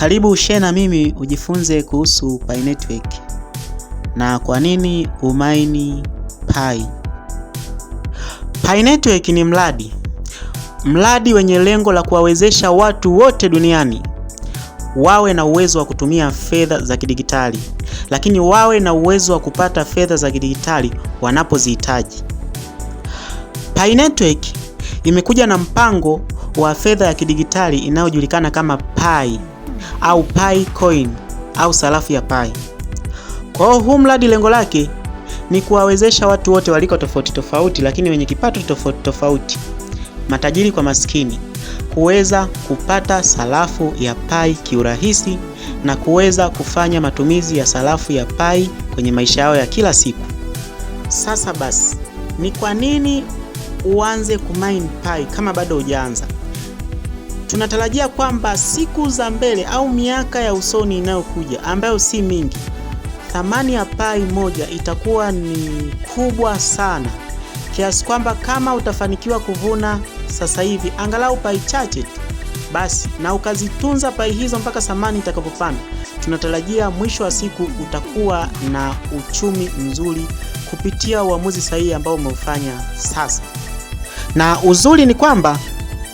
Karibu share na mimi ujifunze kuhusu Pi Network na kwa nini umaini Pi. Pi Network ni mradi mradi wenye lengo la kuwawezesha watu wote duniani wawe na uwezo wa kutumia fedha za kidigitali, lakini wawe na uwezo wa kupata fedha za kidigitali wanapozihitaji. Pi Network imekuja na mpango wa fedha ya kidigitali inayojulikana kama Pi au Pi Coin au sarafu ya Pi. Kwa hiyo huu mradi lengo lake ni kuwawezesha watu wote waliko tofauti tofauti, lakini wenye kipato tofauti tofauti, matajiri kwa maskini, kuweza kupata sarafu ya Pi kiurahisi na kuweza kufanya matumizi ya sarafu ya Pi kwenye maisha yao ya kila siku. Sasa basi, ni kwa nini uanze kumine Pi kama bado hujaanza? Tunatarajia kwamba siku za mbele au miaka ya usoni inayokuja ambayo si mingi, thamani ya pai moja itakuwa ni kubwa sana kiasi kwamba kama utafanikiwa kuvuna sasa hivi angalau pai chache tu basi na ukazitunza pai hizo mpaka thamani itakapopanda, tunatarajia mwisho wa siku utakuwa na uchumi mzuri kupitia uamuzi sahihi ambao umeufanya sasa. Na uzuri ni kwamba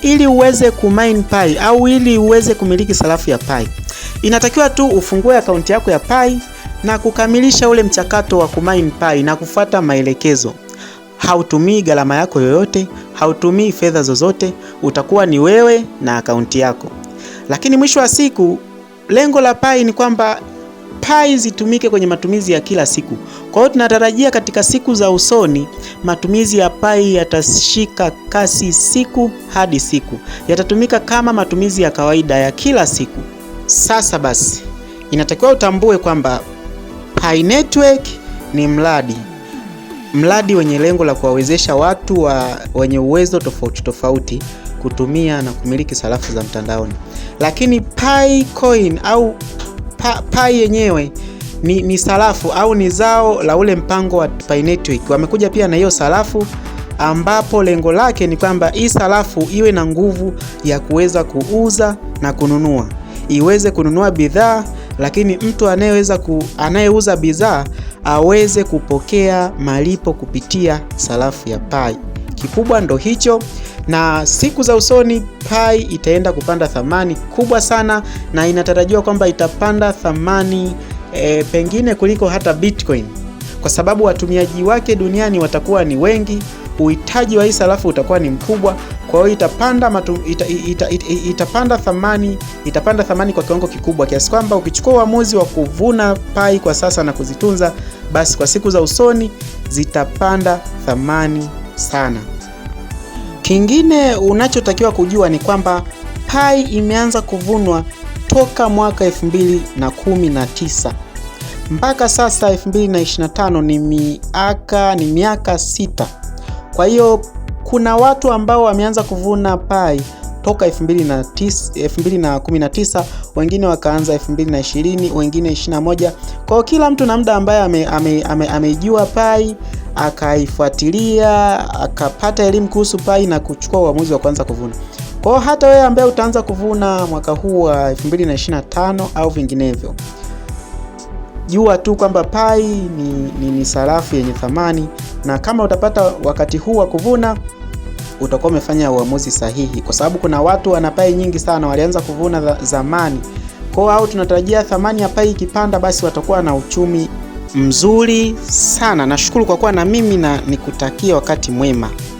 ili uweze kumine Pi au ili uweze kumiliki sarafu ya Pi, inatakiwa tu ufungue akaunti yako ya Pi na kukamilisha ule mchakato wa kumine Pi na kufuata maelekezo. Hautumii gharama yako yoyote, hautumii fedha zozote, utakuwa ni wewe na akaunti yako. Lakini mwisho wa siku lengo la Pi ni kwamba tai zitumike kwenye matumizi ya kila siku. Kwa hiyo tunatarajia katika siku za usoni matumizi ya pai yatashika kasi siku hadi siku, yatatumika kama matumizi ya kawaida ya kila siku. Sasa basi, inatakiwa utambue kwamba Pi Network ni mradi mradi wenye lengo la kuwawezesha watu wa wenye uwezo tofauti tofauti kutumia na kumiliki sarafu za mtandaoni, lakini Pi Coin au pai yenyewe ni, ni sarafu au ni zao la ule mpango wa Pi Network. Wamekuja pia na hiyo sarafu ambapo lengo lake ni kwamba hii sarafu iwe na nguvu ya kuweza kuuza na kununua, iweze kununua bidhaa, lakini mtu anayeweza ku, anayeuza bidhaa aweze kupokea malipo kupitia sarafu ya pai kikubwa ndo hicho, na siku za usoni pai itaenda kupanda thamani kubwa sana, na inatarajiwa kwamba itapanda thamani e, pengine kuliko hata Bitcoin kwa sababu watumiaji wake duniani watakuwa ni wengi, uhitaji wa hii sarafu utakuwa ni mkubwa. Kwa hiyo itapanda matu, ita, ita, ita, itapanda thamani itapanda thamani kwa kiwango kikubwa kiasi kwamba ukichukua uamuzi wa kuvuna Pai kwa sasa na kuzitunza, basi kwa siku za usoni zitapanda thamani sana. Kingine unachotakiwa kujua ni kwamba pai imeanza kuvunwa toka mwaka 2019 mpaka sasa 2025, ni miaka ni miaka sita. Kwa hiyo kuna watu ambao wameanza kuvuna pai toka 2019, wengine wakaanza 2020, wengine 21. Kwa kila mtu na muda ambaye ameijua ame, ame, ame pai akaifuatilia akapata elimu kuhusu pai na kuchukua uamuzi wa kuanza kuvuna. Kwa hiyo hata wewe ambaye utaanza kuvuna mwaka huu wa 2025 au vinginevyo, jua tu kwamba pai ni, ni, ni sarafu yenye thamani, na kama utapata wakati huu wa kuvuna utakuwa umefanya uamuzi sahihi, kwa sababu kuna watu wana pai nyingi sana, walianza kuvuna zamani kwao, au tunatarajia thamani ya pai ikipanda, basi watakuwa na uchumi mzuri sana. Nashukuru kwa kuwa na mimi na nikutakia wakati mwema.